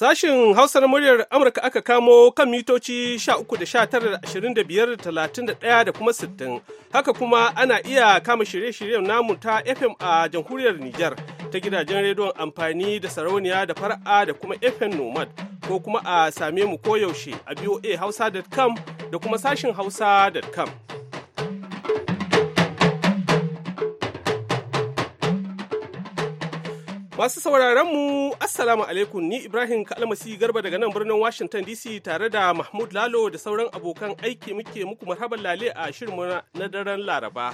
Sashin Hausar muryar Amurka aka kamo kan mitoci 13.19.25.31 da kuma 60. Haka kuma ana iya kama shirye-shiryen namu ta FM a jamhuriyar Nijar ta gidajen rediyon amfani da sarauniya da fara'a da kuma FM Nomad ko kuma a same mu koyaushe a boa hausa.com da kuma sashin hausa.com. Masu sauraron mu Assalamu alaikum ni Ibrahim Kalmasi Garba daga nan birnin Washington DC tare da Mahmud Lalo da sauran abokan aiki muke muku marhaban lale a shirin na daren Laraba.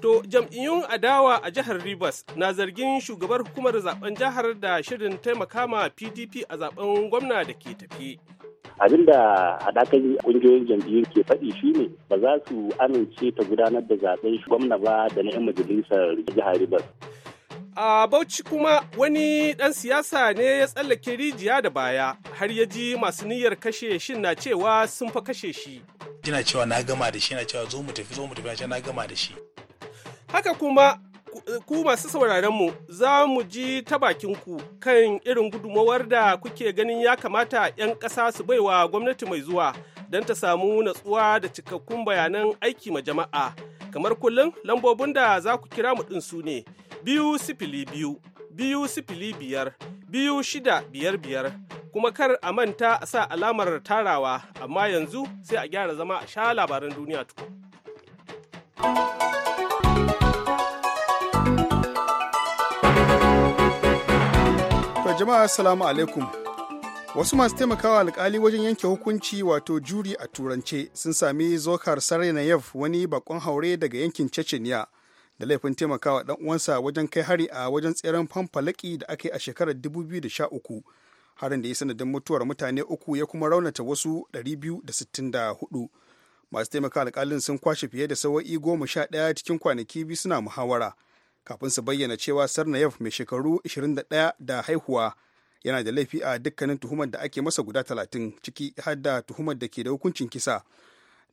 To jam'iyyun adawa a jihar Rivers na zargin shugabar hukumar zaben jihar da shirin taimaka ma PDP a zaben gwamna da ke tafi. abin da haɗakan ƙungiyoyin jam'iyyu ke faɗi shine ba za su amince ta gudanar da zaben gwamna ba da na 'yan majalisar jihar Rivers. A Bauchi kuma wani ɗan siyasa ne ya tsallake rijiya da baya har ya ji masu niyyar kashe shin na cewa sun fa kashe shi. Ina cewa na gama da shi, na cewa zo mu tafi zo mu tafi na gama da shi. Haka kuma ku masu sauraron mu za mu ji ta bakin ku kan irin gudumawar da kuke ganin ya kamata 'yan ƙasa su baiwa gwamnati mai zuwa don ta samu natsuwa da cikakkun bayanan aiki ma jama'a. kamar kullum lambobin da za ku kira mu ɗin su ne biyu sifili biyu biyu sifili biyar biyu shida biyar biyar kuma kar a manta a sa alamar tarawa amma yanzu sai a gyara zama a sha labaran duniya tuku jama'a assalamu alaikum wasu masu taimakawa alkali wajen yanke hukunci wato juri a turance sun sami zokar sarayev wani bakon haure daga yankin chechnya da laifin taimakawa dan uwansa wajen kai hari a wajen tseren fanfalaki da aka yi a shekarar 2013 harin da ya sanadin mutuwar mutane uku ya kuma raunata wasu 264 masu taimakawa alkalin sun kwashe fiye da sawa'i goma sha ɗaya cikin kwanaki biyu suna muhawara kafin su bayyana cewa sarnayev mai shekaru 21 da haihuwa yana da laifi a dukkanin tuhumar da ake masa guda talatin ciki har da tuhumar da ke da hukuncin kisa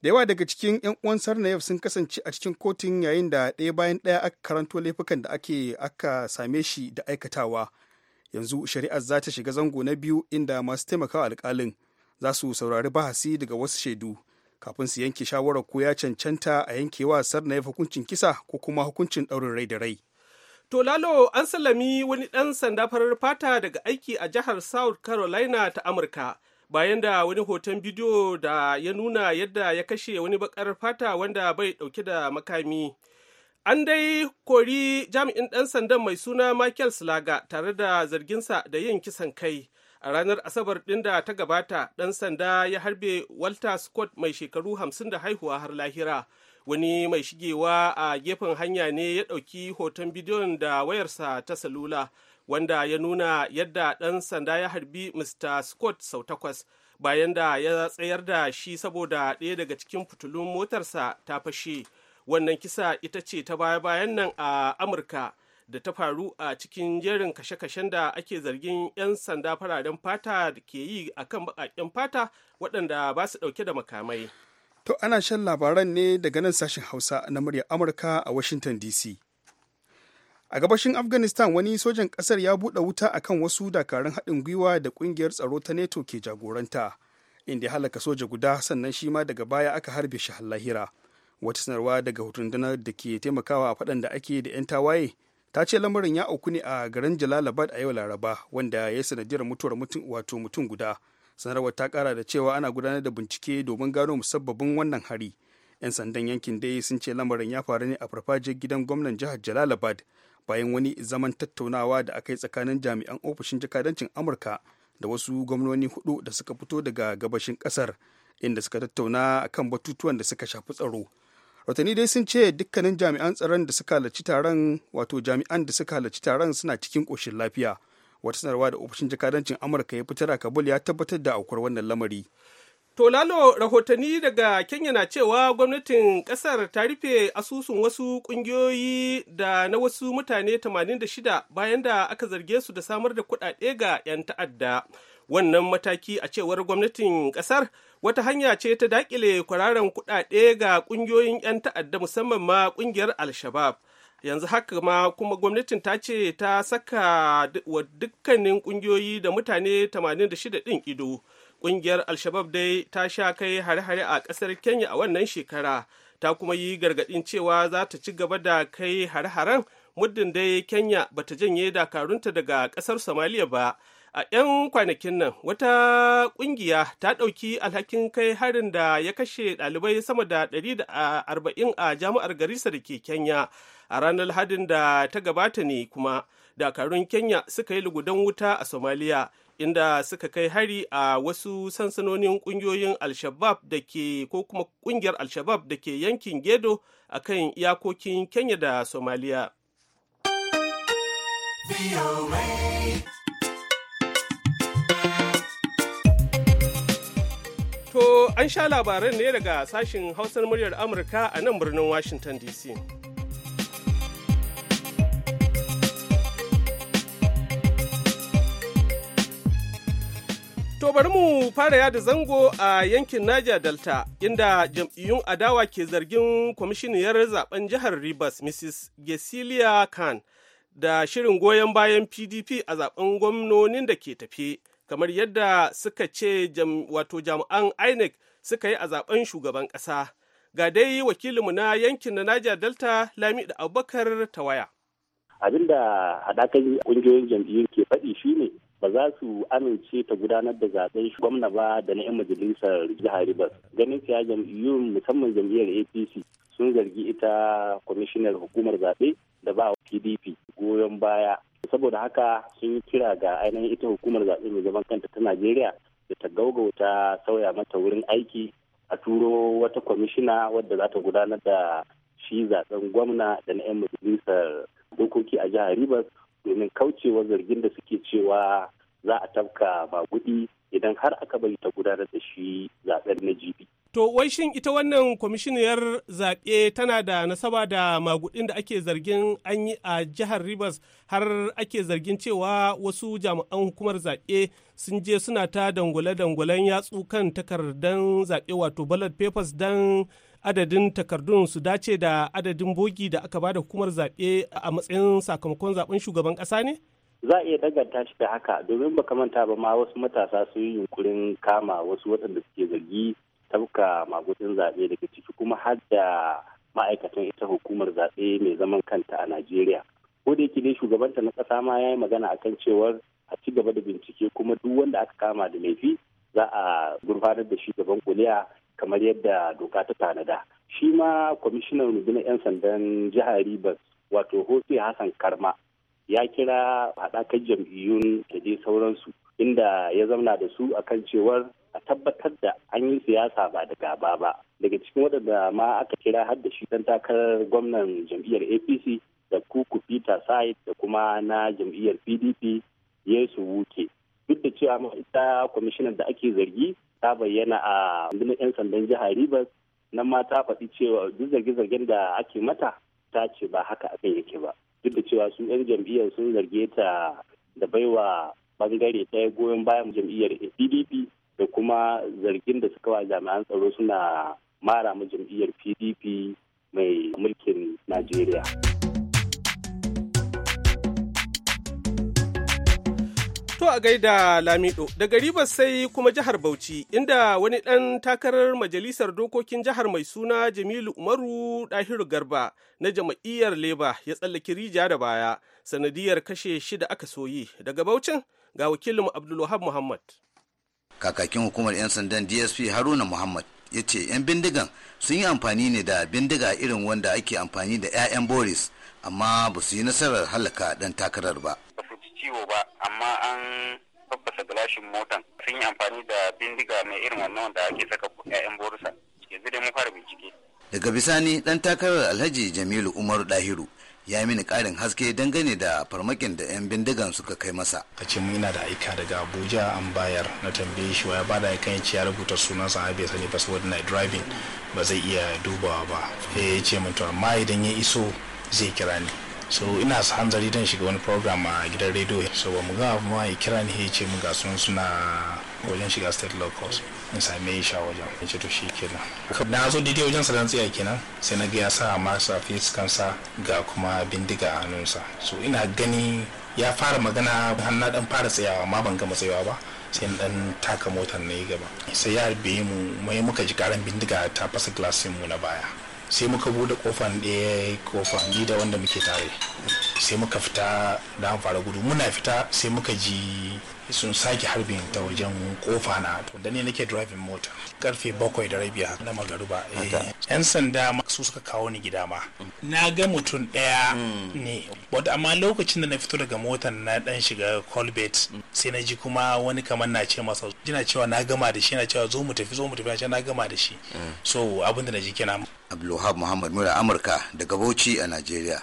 da yawa daga cikin 'yan uwan sarnayev sun kasance a cikin kotun yayin da ɗaya bayan ɗaya aka karanto laifukan da ake aka same shi da aikatawa yanzu shari'ar za ta shiga zango na biyu inda masu taimakawa alkalin za su saurari bahasi daga wasu shaidu kafin su yanke shawarar ko ya cancanta a yankewa sarnayev hukuncin kisa ko kuma hukuncin ɗaurin rai da rai To Lalo an salami wani ɗan sanda farar fata daga aiki a jihar South Carolina ta Amurka bayan da wani hoton bidiyo da ya nuna yadda ya kashe wani bakar fata wanda bai ɗauke da makami. An dai kori jami'in ɗan sandan mai suna Michael Slaga tare da zarginsa da yin kisan kai. A ranar Asabar ɗin da ta gabata, ɗan sanda ya harbe Walter Scott mai shekaru hamsin da haihuwa har lahira. wani mai shigewa a gefen hanya ne ya ɗauki hoton bidiyon da wayarsa ta salula wanda ya nuna yadda ɗan sanda ya harbi mr scott sau takwas bayan da ya tsayar da shi saboda ɗaya daga cikin fitulun motarsa ta fashe wannan kisa ita ce ta baya-bayan nan a amurka da ta faru a cikin jerin kashe-kashen da ake zargin 'yan sanda fararen fata da ke yi akan baƙaƙen fata waɗanda ba su ɗauke da makamai To ana shan labaran ne daga nan sashen Hausa na muryar Amurka a Washington DC. A gabashin Afghanistan wani sojan ƙasar ya buɗe wuta akan wasu dakarun haɗin gwiwa da ƙungiyar tsaro ta NATO ke jagoranta, inda ya halaka soja guda sannan shi ma daga baya aka harbe shi lahira. Wata sanarwa daga hutundunar da ke taimakawa a faɗan da ake da 'yan tawaye ta ce lamarin ya auku ne a garin Jalalabad a yau Laraba wanda ya sanadiyar mutuwar mutum wato mutum guda sanarwar ta kara da cewa ana gudanar da bincike domin gano musabbabin wannan hari 'yan sandan yankin dai sun ce lamarin ya faru ne a farfajiyar gidan gwamnan jihar jalalabad bayan wani zaman tattaunawa da aka yi tsakanin jami'an ofishin jakadancin amurka da wasu gwamnoni hudu da suka fito daga gabashin kasar inda suka tattauna akan batutuwan da suka shafi tsaro rahotanni dai sun ce dukkanin jami'an tsaron da suka halarci taron wato jami'an da suka halarci taron suna cikin koshin lafiya wata sanarwa da ofishin jakadancin amurka ya fitar a kabul ya tabbatar da aukuwar wannan lamari to lalo rahotanni daga kenya na cewa gwamnatin kasar ta rufe asusun wasu kungiyoyi da na wasu mutane 86 bayan da aka zarge su da samar da kuɗaɗe ga 'yan ta'adda wannan mataki a cewar gwamnatin kasar wata hanya ce ta dakile kwararan kuɗaɗe ga ƙungiyoyin 'yan ta'adda musamman ma ƙungiyar al-shabab yanzu haka ma kuma gwamnatin ta ce ta saka wa dukkanin kungiyoyi da mutane 86 ɗin ido kungiyar alshabab dai ta sha kai hare-hare a ƙasar kenya a wannan shekara ta kuma yi gargaɗin cewa za ta ci gaba da kai hare-haren muddin dai kenya ba ta janye dakarunta daga ƙasar Somalia ba a 'yan kwanakin nan wata ƙungiya ta ɗauki alhakin kai harin da ya kashe ɗalibai sama da 140 a jami'ar garisa da ke kenya a ranar lahadin da ta gabata ne kuma dakarun kenya suka yi lugudan wuta a somaliya inda suka kai hari a wasu sansanonin ƙungiyoyin alshabab da ke ko kuma ƙungiyar alshabab da ke yankin gedo akan iyakokin kenya da somaliya To an sha labaran ne daga sashen hausar muryar Amurka a nan birnin Washington DC. To bari mu fara yada zango a yankin Niger Delta inda jam'iyyun adawa ke zargin kwamishiniyar zaben jihar Rivers Mrs. Gesilia Khan da shirin goyon bayan PDP a zaben gwamnonin da ke tafe. kamar yadda suka ce wato jami'an inec suka yi a zaben shugaban ƙasa ga dai wakilinmu na yankin na niger delta da abubakar ta waya abin da haɗakan ƙungiyoyin jam'iyyun ke faɗi shine ba za su amince ta gudanar da zaɓen gwamna ba da na 'yan majalisar jihar Rivers. Ganin siya jam'iyyun musamman jam'iyyar APC sun zargi ita kwamishinar hukumar zaɓe da ba pdp goyon baya saboda haka sun yi kira ga ainihin ita hukumar zaɓe mai zaman kanta ta najeriya da ta gaugauta sauya mata wurin aiki a turo wata kwamishina wadda za ta gudanar da shi zaɓen gwamna da na 'yan majalisar dokoki a jihar Ribas domin kaucewa zargin da suke cewa za a tafka magudi idan har aka bai ta gudanar da shi zaɓen na jibi. To wai shin ita wannan kwamishiniyar zaɓe tana da nasaba da magudin da ake zargin an yi a jihar Rivers har ake zargin cewa wasu jami'an hukumar zaɓe sun je suna ta dangwale-dangwalen yatsu kan takardan zaɓe wato ballot papers don adadin takardun su dace da adadin bogi da aka ba da hukumar zaɓe a matsayin sakamakon zaɓen shugaban ƙasa ne? za a iya daganta shi da haka domin baka manta ba ma wasu matasa sun yi yunkurin kama wasu waɗanda suke zargi tabka magudin zaɓe daga ciki kuma har da ma'aikatan ita hukumar zaɓe mai zaman kanta a najeriya ko da yake dai shugabanta na ƙasa ma ya yi magana a kan cewar a ci gaba da bincike kuma duk wanda aka kama da laifi za a gurfanar da shi gaban kuliya kamar yadda doka ta tanada shi ma kwamishinan rundunar 'yan sandan jihar ribas wato hose hassan karma ya kira haɗakar jam'iyyun da dai sauransu inda ya zauna da su a kan cewar a tabbatar da an yi siyasa ba da gaba ba daga cikin waɗanda ma aka kira har da shi dan takarar gwamnan jam'iyyar apc da kuku peter said da kuma na jam'iyyar pdp yesu wuke duk da cewa ita kwamishinan da ake zargi ta bayyana a rundunar 'yan sandan jihar ribas. nan ma ta faɗi cewa duk zarge-zargen da ake mata ta ce ba haka abin yake ba duk da cewa su 'yan jam'iyyar sun zarge ta da baiwa bangare ɗaya goyon bayan jam'iyyar pdp da kuma zargin da suka wa jami'an tsaro suna mara mu jam'iyyar pdp mai mulkin najeriya. a gaida Lamido daga ribar sai kuma jihar Bauchi inda wani ɗan takarar majalisar dokokin jihar mai suna Jamilu Umaru Dahiru Garba na jam'iyyar Leba ya tsallaki rijiya da baya sanadiyar kashe shida aka soyi daga Baucin ga wakilin Abdulwahab Muhammad. Kakakin hukumar 'yan sandan DSP Haruna Muhammad ya ce 'yan bindigan sun yi amfani ne da bindiga irin wanda ake amfani da 'ya'yan Boris amma ba su yi nasarar halaka ɗan takarar ba. ciwo ba amma an faffasa gilashin motan sun yi amfani da bindiga mai irin wannan wanda ake saka 'ya'yan borusa ke dai mu fara bincike daga bisani dan takarar alhaji jamilu umaru dahiru ya mini karin haske dangane da farmakin da 'yan bindigan suka kai masa a ce mu yana da aika daga abuja an bayar na tambaye shi ya bada aikan ya ce ya rubuta sunansa a bai sani ba saboda na driving ba zai iya dubawa ba eh, ya ce mutu amma idan ya iso zai kira ni so ina hanzari dan shiga wani program a gidan rediyo so ba mu ga ma ya kira ni ya ce mu ga sun suna wajen shiga state law course in same yi a wajen ya ce to shi kenan na zo daidai wajen sa dan tsaya kenan sai na ga ya sa masa fiskansa ga kuma bindiga a hannunsa so ina gani ya fara magana har na dan fara tsayawa amma ban gama tsayawa ba sai na dan taka motar na yi gaba sai ya harbe mu mai muka ji karan bindiga ta fasa glasin mu na baya sai muka bude kofan ɗaya kofa ni da wanda muke tare sai muka fita da an fara gudu muna fita sai muka ji sun sake harbin ta wajen kofa na to da ne nake driving mota karfe bakwai da rabi na magaruba eh, yan sanda su suka kawo ni gida ma na ga mutum daya hmm. ne amma lokacin da na fito daga motan na dan shiga colbert sai na ji kuma wani kamar na ce masa jina cewa na gama da shi na cewa zo mu tafi zo mu tafi na gama da shi hmm. so abin da na ji kina Abdulwahab Muhammad Mura Amurka daga Bauchi a Najeriya.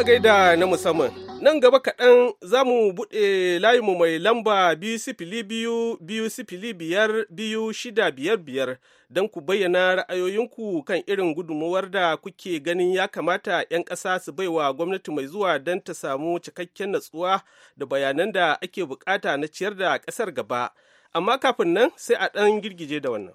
a gaida na musamman. Nan gaba kaɗan za mu buɗe layinmu mai lamba biyu sifili biyu biyu sifili biyar biyu shida biyar biyar don ku bayyana ra'ayoyinku kan irin gudunmuwar da kuke ganin ya kamata 'yan ƙasa su baiwa gwamnati mai zuwa don ta samu cikakken natsuwa da bayanan da ake bukata na ciyar da ƙasar gaba. Amma kafin nan sai a ɗan girgije da wannan.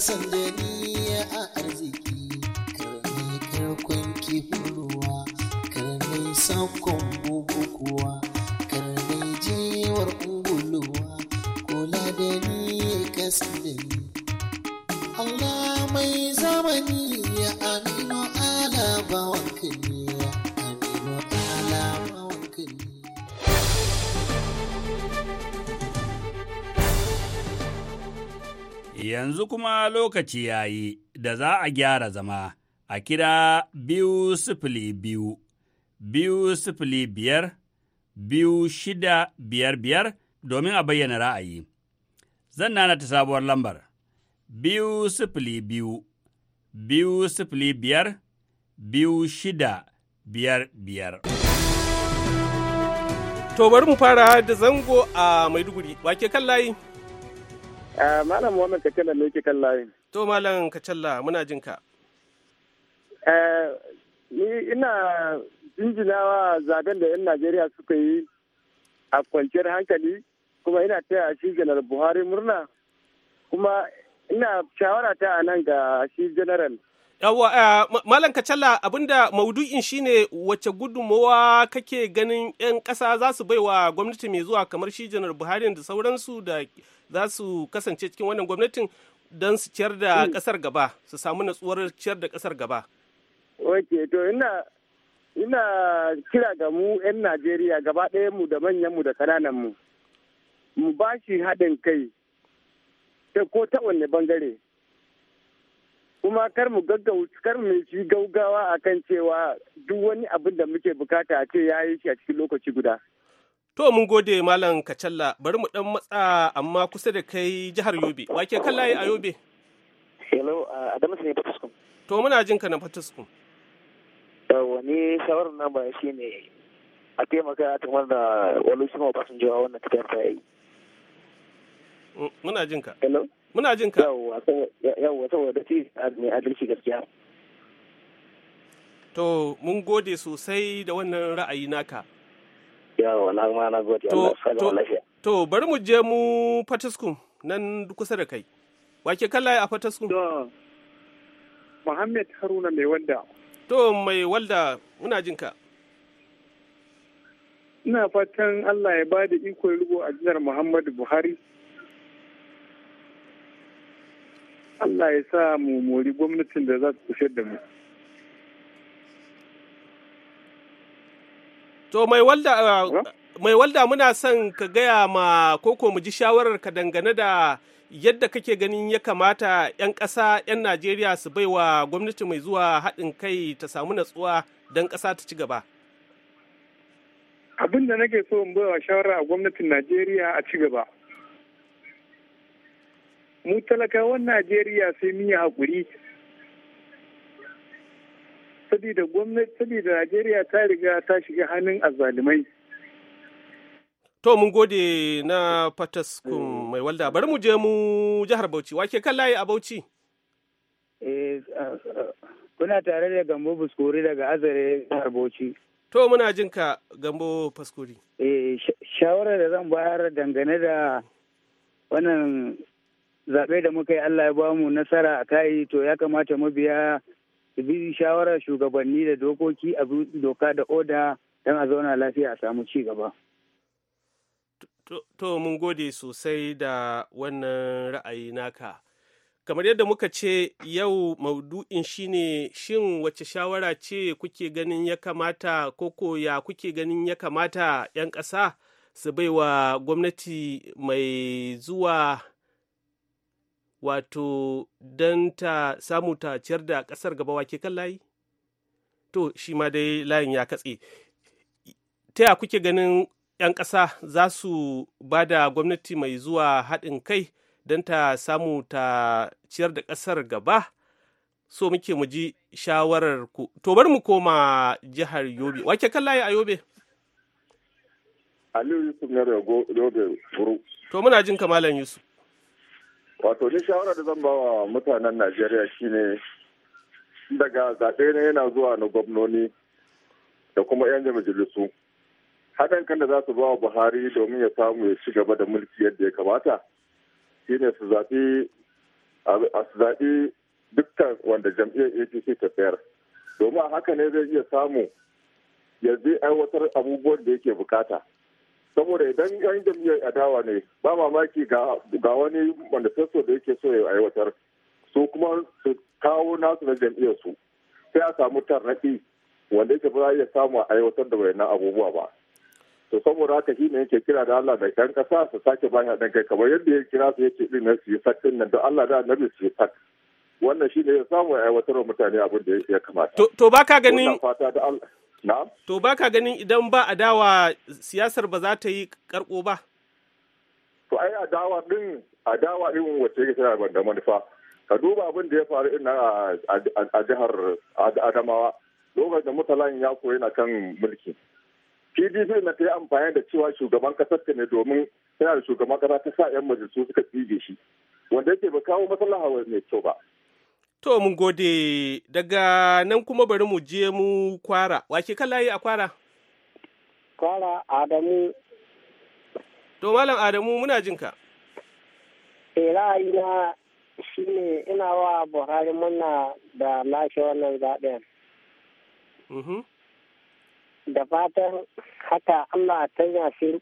sanje ni a arziki kar ni kar ruwa kar sakon yanzu kuma lokaci ya yi da za a gyara zama a kira biyu sifili biyu, biyu sifili biyar, biyu shida biyar biyar domin a bayyana ra'ayi. Zan nana ta sabuwar lambar, biyu sifili biyu, biyu sifili biyar, biyu shida biyar biyar. To bari mu fara da zango a Maiduguri, wake kan layi. Eh, Malam Muhammad Kacalla ne yake kan layin. To Malam Kacalla muna jin ka. Eh, ni ina jinjinawa zaben da 'yan Najeriya suka yi a kwanciyar hankali kuma ina taya shi janar Buhari murna kuma ina shawara ta nan ga shi general. Yawwa, eh, Malam Kacalla abinda maudu'in shine wacce gudunmawa kake ganin 'yan ƙasa za su baiwa gwamnati mai zuwa kamar shi janar Buhari da sauransu da za su kasance cikin wannan gwamnatin don su ciyar da kasar mm. gaba su samu natsuwar ciyar da kasar gaba ok to ina ina kira ga mu 'yan najeriya gaba ɗaya mu da manyan mu da kananan mu mu ba shi haɗin kai ta ko ta wanne bangare kuma kar mu kar mu shi gaugawa akan cewa duk wani abin da muke bukata a ce ya yi shi a cikin lokaci guda To mun gode Malam Kacalla bari mu dan matsa amma kusa da kai jihar Yobe. Wake kan layi a Yobe? Hello, Adamu ne Fatuskum. To muna jin ka na Fatuskum. Da wani shawarar nan ba shi ne a taimaka a tumar da Olusegun sun jiwa wannan tafiyar ta yi. Mm, muna jin ka. Hello? Muna jin ka. Yawwa saboda ci mai adalci gaskiya. To mun gode sosai da wannan ra'ayi naka. yawa na ma na gode Allah lafiya to bari mu je mu fataskum nan kusa da kai wake kalla a fataskum to muhammed Haruna mai wanda to mai walda muna jin ka ina fatan Allah ya bada ikon rubo a jinar Muhammadu Buhari Allah ya sa mu mori gwamnatin da za su kushe da mu To mai walda uh, mai walda muna son ka gaya ma koko mu ji shawarar ka dangane da yadda kake ganin ya kamata 'yan ƙasa 'yan Najeriya su baiwa gwamnati mai zuwa haɗin kai ta samu natsuwa don ƙasa ta ci gaba. Abin da nake so in baiwa shawara a gwamnatin Najeriya a ci gaba. Mu talakawan Najeriya sai mun yi haƙuri saboda gwamnati saboda Najeriya ta riga ta shiga hannun azalimai. To mun gode na Fataskun mm. mai walda bari mu je mu jihar Bauchi wake kan layi a Bauchi. Eh, kuna tare da Gambo Buskuri daga Azare jihar Bauchi. To muna jin ka Gambo Faskuri. Eh shawarar da zan bayar dangane da wannan zaɓe da muka yi Allah ya mu nasara a kai to ya kamata mabiya su shawarar shugabanni da dokoki a doka da oda don a zauna lafiya a samu ci gaba. To, mun gode sosai da wannan ra'ayi naka. Kamar yadda muka ce yau maudu'in shine shin wace shawara ce kuke ganin ya kamata koko ya kuke ganin ya kamata 'yan ƙasa su baiwa gwamnati mai zuwa wato don ta samu ta ciyar da ƙasar gaba wake kan layi to shi ma dai layin ya katse ta ya kuke ganin 'yan ƙasa za su ba da gwamnati mai zuwa haɗin kai don ta samu ta ciyar da ƙasar gaba so muke mu ji shawarar ku to bar mu koma jihar yobe wake kan layi a yobe aliyu yusuf na yobe to muna jin kamalan yusuf wato ni shawara da zan ba wa mutanen najeriya shine daga zaɓe na yana zuwa na gwamnoni da kuma 'yan majalisu haɗin kan da za su ba wa buhari domin ya samu ya ci gaba da mulki yadda ya kamata shine su zaɓi a su zaɓi dukkan wanda jam'iyyar apc ta fayar domin haka ne zai iya samu ya zai aiwatar abubuwan da yake bukata saboda idan yan jam'iyyar adawa ne ba mamaki ga wani manifesto da yake so ya aiwatar su kuma su kawo nasu na jam'iyyar su sai a samu tarnaki wanda yake ba iya samu a aiwatar da wayannan abubuwa ba to saboda haka shi ne yake kira da Allah da kan kasa su sake ba ya dan kai kamar yadda ya kira su yake din na su yi sak din nan don Allah da annabi su yi sak wannan shi ne ya samu a aiwatar mutane abin da ya kamata to baka ganin To ba ka ganin idan ba adawa siyasar ba za ta yi karko ba? To ai adawa din adawa irin wacce yake tana da manufa. Ka duba abin da ya faru ina a jihar Adamawa lokacin da mutalan ya koyi na kan mulki. PDP na ta yi amfani da cewa shugaban kasar ne domin yana da shugaban kasa ta sa 'yan majalisu suka tsige shi. Wanda yake ba kawo matsala mai kyau ba. To mun gode daga nan kuma bari mu je mu kwara. Wake layi a kwara? Kwara Adamu. To Malam Adamu muna jinka. Eh ra'ayina shi ne ina wa Buhari muna da lashe wannan zaɓen. Mhm. Da fatan haka Allah ta yafi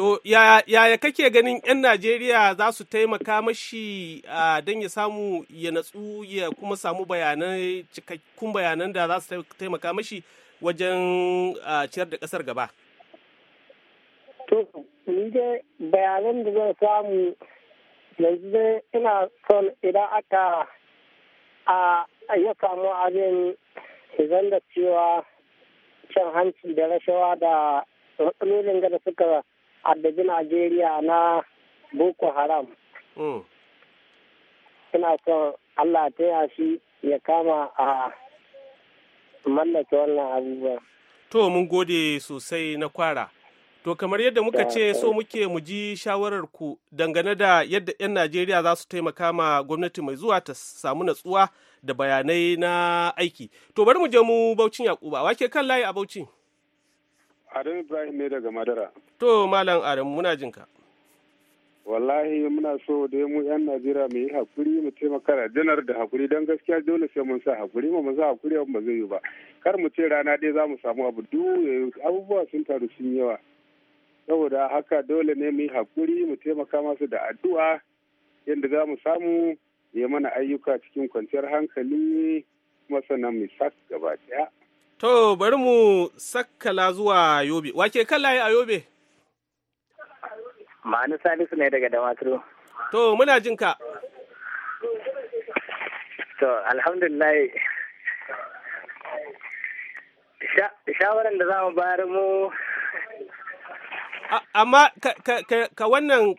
To yaya kake ganin 'yan Najeriya za su taimaka mashi don ya samu ya natsu ya kuma samu bayanan cikakkun bayanan da za su taimaka mashi wajen ciyar da ƙasar gaba? To, ni bayanan da zan samu yanzu dai ina son idan aka a ya samu abin zan cewa cin hanci da rashawa da matsalolin da suka addabi Najeriya na Boko Haram. Suna hmm. son Allah ta shi ya kama a mallake wannan abubuwa. To mun gode sosai na kwara. To kamar yadda muka ce so muke mu ji shawarar ku dangane da yadda 'yan Najeriya za su taimaka ma gwamnati mai zuwa ta samu natsuwa da bayanai na aiki. To bari mu je mu Baucin Yakuba, wake kan layi a Baucin. Adam Ibrahim ne daga Madara. To, Malam Adam, muna jin ka. Wallahi muna so dai mu 'yan Najeriya mu yi hakuri mu taimaka janar da hakuri don gaskiya dole sai mun sa hakuri mu sa hakuri abu ba zai yi ba. Kar mu ce rana dai za mu samu abu duk abubuwa sun taru sun yawa. Saboda haka dole ne mu yi hakuri mu taimaka masu da addu'a yadda za mu samu ya mana ayyuka cikin kwanciyar hankali kuma sannan mu sa gaba ɗaya. To bari mu sakkala zuwa Yobe. Wake kallaye a Yobe? Ma'anu Salisu ne daga Damaturu. To muna jin ka. To alhamdulillah shawaran da za mu bayar mu amma ka wannan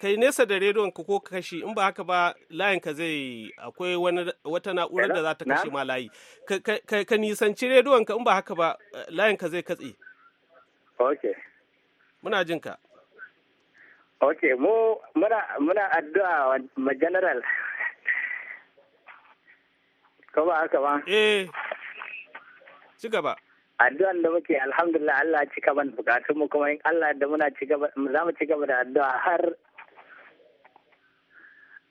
ka yi nesa da rediyon ka ko kashi in ba haka ba layin ka zai akwai wata na'urar da za ta kashe ma layi ka nisanci rediyon ka in ba haka ba layin ka zai katse ok muna jin ka ok mu muna addu'a ma general ko ba haka ba eh ci gaba addu'an da muke alhamdulillah Allah ya cika mana bukatun mu kuma in Allah da muna cika za mu cika da addu'a har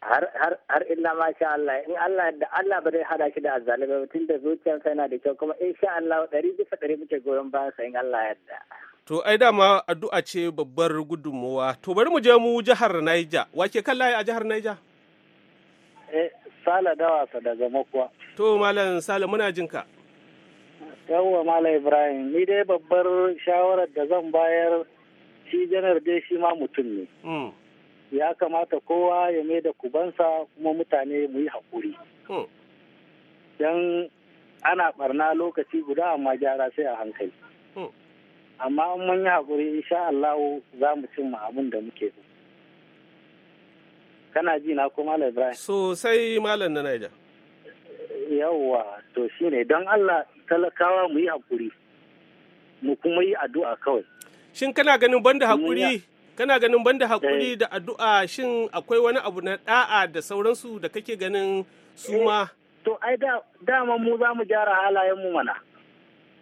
har har har illa ma sha Allah in Allah da Allah ba zai hada shi da azzalimi tun da sa yana da kyau kuma insha Allah ɗari bisa ɗari muke goyon bayan sa in Allah yarda To ai dama addu'a ce babbar gudunmuwa. To bari mu je mu jihar Naija. Wake kan layi a jihar Naija? Eh, Sala Dawasa daga Makuwa. To Malam Sala muna jinka. yawwa mala ibrahim ni dai babbar shawarar da zan bayar shi janar dai shi ma mutum ne hmm. ya kamata kowa ya mai da kubansa kuma mutane mu yi haƙuri hmm. don ana barna lokaci guda amma gyara sai a hankali hmm. amma mun yi haƙuri insha Allah za mu cimma abin da muke so kana ji na kuma malam ibrahim sosai malam na naija yawwa to shine don Allah talakawa mu yi hakuri mu kuma yi addu'a kawai shin kana ganin banda hakuri kana ganin banda hakuri eh. da addu'a shin akwai wani abu na da'a da sauransu da kake ganin su ma eh, to ai da dama mu za mu gyara halayen mu mana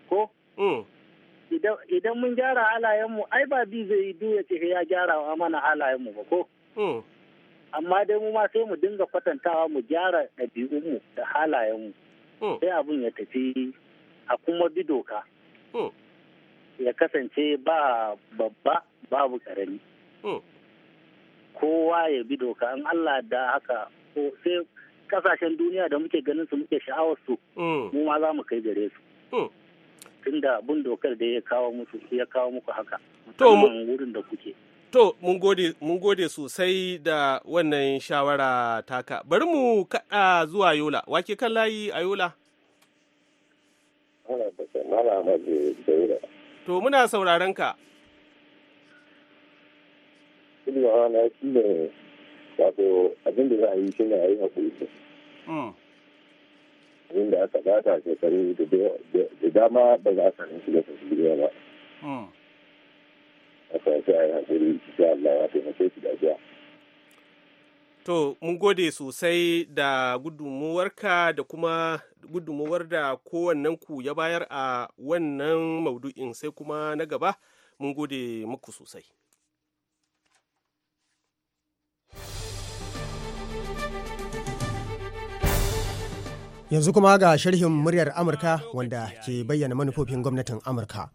ko mm. idan mun gyara halayenmu ai ba bi zai yi duk ya ce ya gyara mana halayenmu ba ko mm. amma dai mu ma sai mu dinga kwatantawa mu gyara ɗabi'unmu da halayenmu mm. sai abin ya tafi a kuma bi doka hmm. ya kasance ba babba babu karami hmm. kowa ya bi doka in allah da haka ko sai kasashen duniya da muke ganin su muke sha'awar su hmm. mu ma za mu kai gare su tunda bin dokar da ya kawo musu ya kawo muku haka to wurin da kuke to mun gode mun sosai da wannan shawara taka bari mu kada zuwa yola wake kan layi a yola To muna sauraron ka. Ilmawa na shi wato abin da za a yi shi ne a yi haƙuri. Hmm. Abin da aka bata shekaru da dama ba za a sami shi da fasiliya ba. Hmm. A sa a yi haƙuri, insha Allah ya taimake shi da zuwa. To, mun gode sosai da gudunmuwarka da kuma gudunmuwar da kowannen ku ya bayar a wannan maudu'in sai kuma na gaba mun gode muku sosai. Yanzu kuma ga sharhin muryar Amurka wanda ke bayyana manufofin gwamnatin Amurka.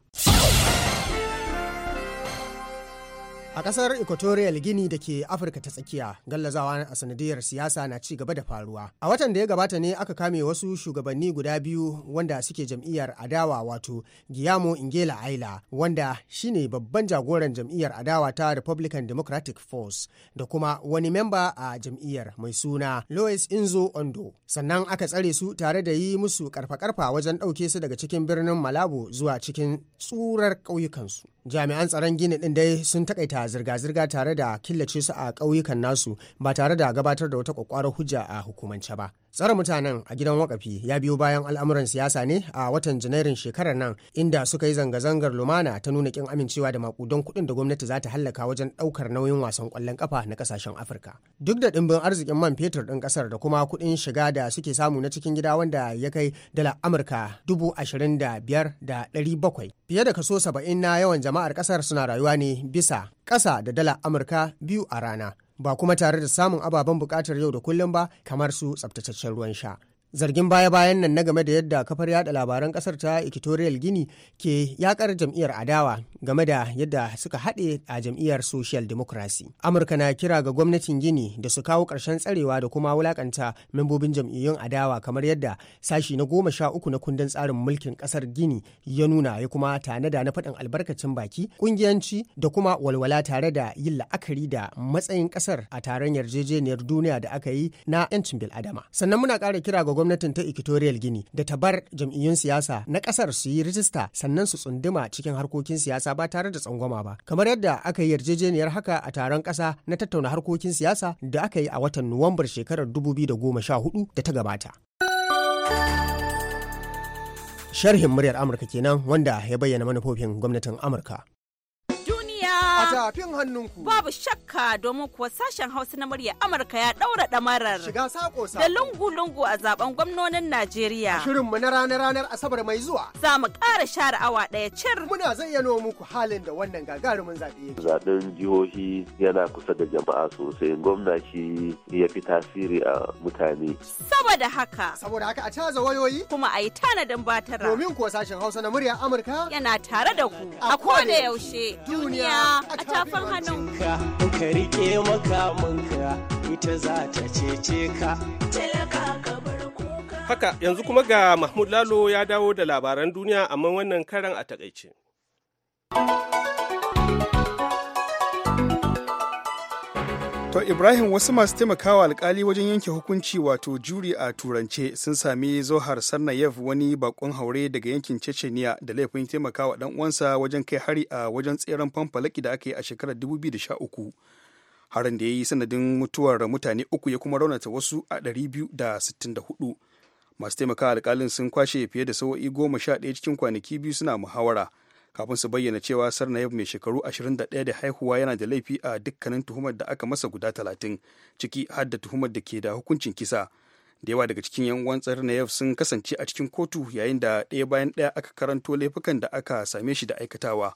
A kasar Equatorial gini da ke Afirka ta tsakiya, gallazawa a sanadiyar siyasa na ci gaba da faruwa. A watan da ya gabata ne aka kame wasu shugabanni guda biyu wanda suke jam'iyyar adawa wato Guillermo Ingela Aila, wanda shine babban jagoran jam'iyyar adawa ta Republican Democratic Force da kuma wani memba a jam'iyyar mai suna Lois Inzo Ondo. Sannan aka tsare su tare da yi musu karfa-karfa wajen ɗauke su daga cikin birnin Malabo zuwa cikin tsurar ƙauyukansu. Jami'an tsaron gini ɗin dai sun taƙaita zirga-zirga tare da killace su a ƙauyukan nasu ba tare da gabatar da wata ƙwaƙwarar hujja a hukumance ba. Tsara mutanen a gidan wakafi ya biyo bayan al'amuran siyasa ne a watan Janairun shekarar nan inda suka yi zanga-zangar lumana ta nuna kin amincewa da makudan kuɗin da gwamnati za ta hallaka wajen ɗaukar nauyin wasan ƙwallon ƙafa na ƙasashen Afirka. Duk da ɗimbin arzikin man fetur ɗin ƙasar da kuma kuɗin shiga da suke samu na cikin gida wanda ya kai dala Amurka dubu ashirin da biyar da ɗari bakwai. Fiye da kaso saba'in na yawan jama'ar ƙasar suna rayuwa ne bisa ƙasa da dala Amurka biyu a rana. ba kuma tare da samun ababen bukatar yau da kullum ba kamar su tsabtataccen ruwan sha zargin baya-bayan nan na game da yadda kafar yada labaran kasar ta equatorial gini ke yakar jam'iyyar adawa game da yadda suka haɗe a jam'iyyar social democracy amurka na kira ga gwamnatin gini da su kawo ƙarshen tsarewa da kuma wulakanta membobin jam'iyyun adawa kamar yadda sashi na goma sha uku na kundin tsarin mulkin ƙasar gini ya nuna ya kuma tanada na faɗin albarkacin baki ƙungiyanci da kuma walwala tare da yin la'akari da matsayin ƙasar a taron yarjejeniyar duniya da aka yi na 'yancin bil'adama sannan muna kara kira ga gwamnatin ta equatorial gini da ta bar jam'iyyun siyasa na kasar su yi rijista sannan su tsunduma cikin harkokin siyasa ba tare da tsangwama ba kamar yadda aka yi yarjejeniyar haka a taron kasa na tattauna harkokin siyasa da aka yi a watan nuwambar shekarar dubu 2014 da ta gabata sharhin muryar amurka kenan wanda ya bayyana manufofin gwamnatin amurka tafin hannunku. Babu shakka domin kuwa sashen Hausa na murya Amurka ya ɗaura ɗamarar. Shiga sako sako. Da lungu-lungu a zaben gwamnonin Najeriya. mu na ranar-ranar Asabar mai zuwa. Za mu ƙara share awa ɗaya cir. Muna zayyano muku halin da wannan gagarumin zaɓe. Zaɓen jihohi yana kusa da jama'a sosai. Gwamna shi ya fi tasiri a mutane. Saboda haka. Saboda haka a caza wayoyi. Kuma a yi tanadin batara. Domin kuwa sashen Hausa na murya Amurka. Yana tare da ku. A koda yaushe. Duniya tafin hannun. In ka rike makamanka ita za ta cece ka. Haka yanzu kuma ga Mahmud Lalo ya dawo da labaran duniya amma wannan karan a takaice. To Ibrahim wasu masu taimakawa alkali wajen yanke hukunci wato juri a turance sun sami Zohar Sarnayev wani bakon haure daga yankin Chechnya da laifin taimakawa dan uwansa wajen kai hari a wajen tseren fanfalaki da aka yi a shekarar 2013. Harin da ya yi sanadin mutuwar mutane uku ya kuma raunata wasu a 264. Masu taimakawa alkalin sun kwashe fiye da sawo'i goma sha ɗaya cikin kwanaki biyu suna muhawara. kafin su bayyana cewa sarnayev mai shekaru 21 da haihuwa yana da laifi a dukkanin tuhumar da aka masa guda 30 ciki har da tuhumar da ke da hukuncin kisa da yawa daga cikin yan uwan sarnayev sun kasance a cikin kotu yayin da ɗaya bayan ɗaya aka karanto laifukan da aka same shi da aikatawa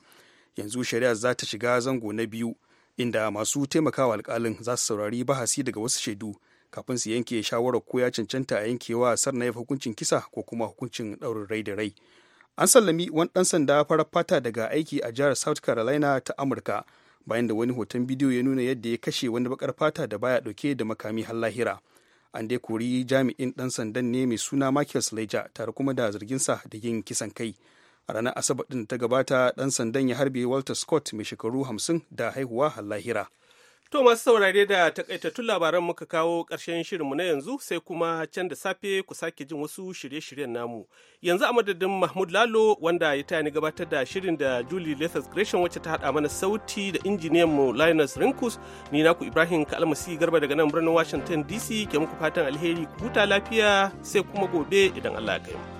yanzu shari'a za ta shiga zango na biyu inda masu taimakawa alkalin za su saurari bahasi daga wasu shaidu kafin su yanke shawarar ko ya cancanta a yankewa sarnayev hukuncin kisa ko kuma hukuncin ɗaurin rai da rai an sallami wani ɗan sanda farar fata daga aiki a jihar south carolina ta amurka bayan da wani hoton bidiyo ya nuna yadda ya kashe wani bakar fata da baya ɗauke da makami har lahira an dai kori jami'in ɗan sandan ne mai suna michael slager tare kuma da zarginsa da yin kisan kai a ranar asabar ɗin ta gabata ɗan sandan ya harbe walter scott mai shekaru hamsin da haihuwa har lahira To masu saurare da takaitattun labaran muka kawo ƙarshen shirinmu na yanzu sai kuma can da safe ku sake jin wasu shirye-shiryen namu. Yanzu a madadin Mahmud Lalo wanda ya ta ni gabatar da shirin da Julie Lethers Gresham wacce ta haɗa mana sauti da injiniyan mu Linus Rinkus ni naku Ibrahim Kalmasi Garba daga nan birnin Washington DC ke muku fatan alheri ku huta lafiya sai kuma gobe idan Allah ya kai mu.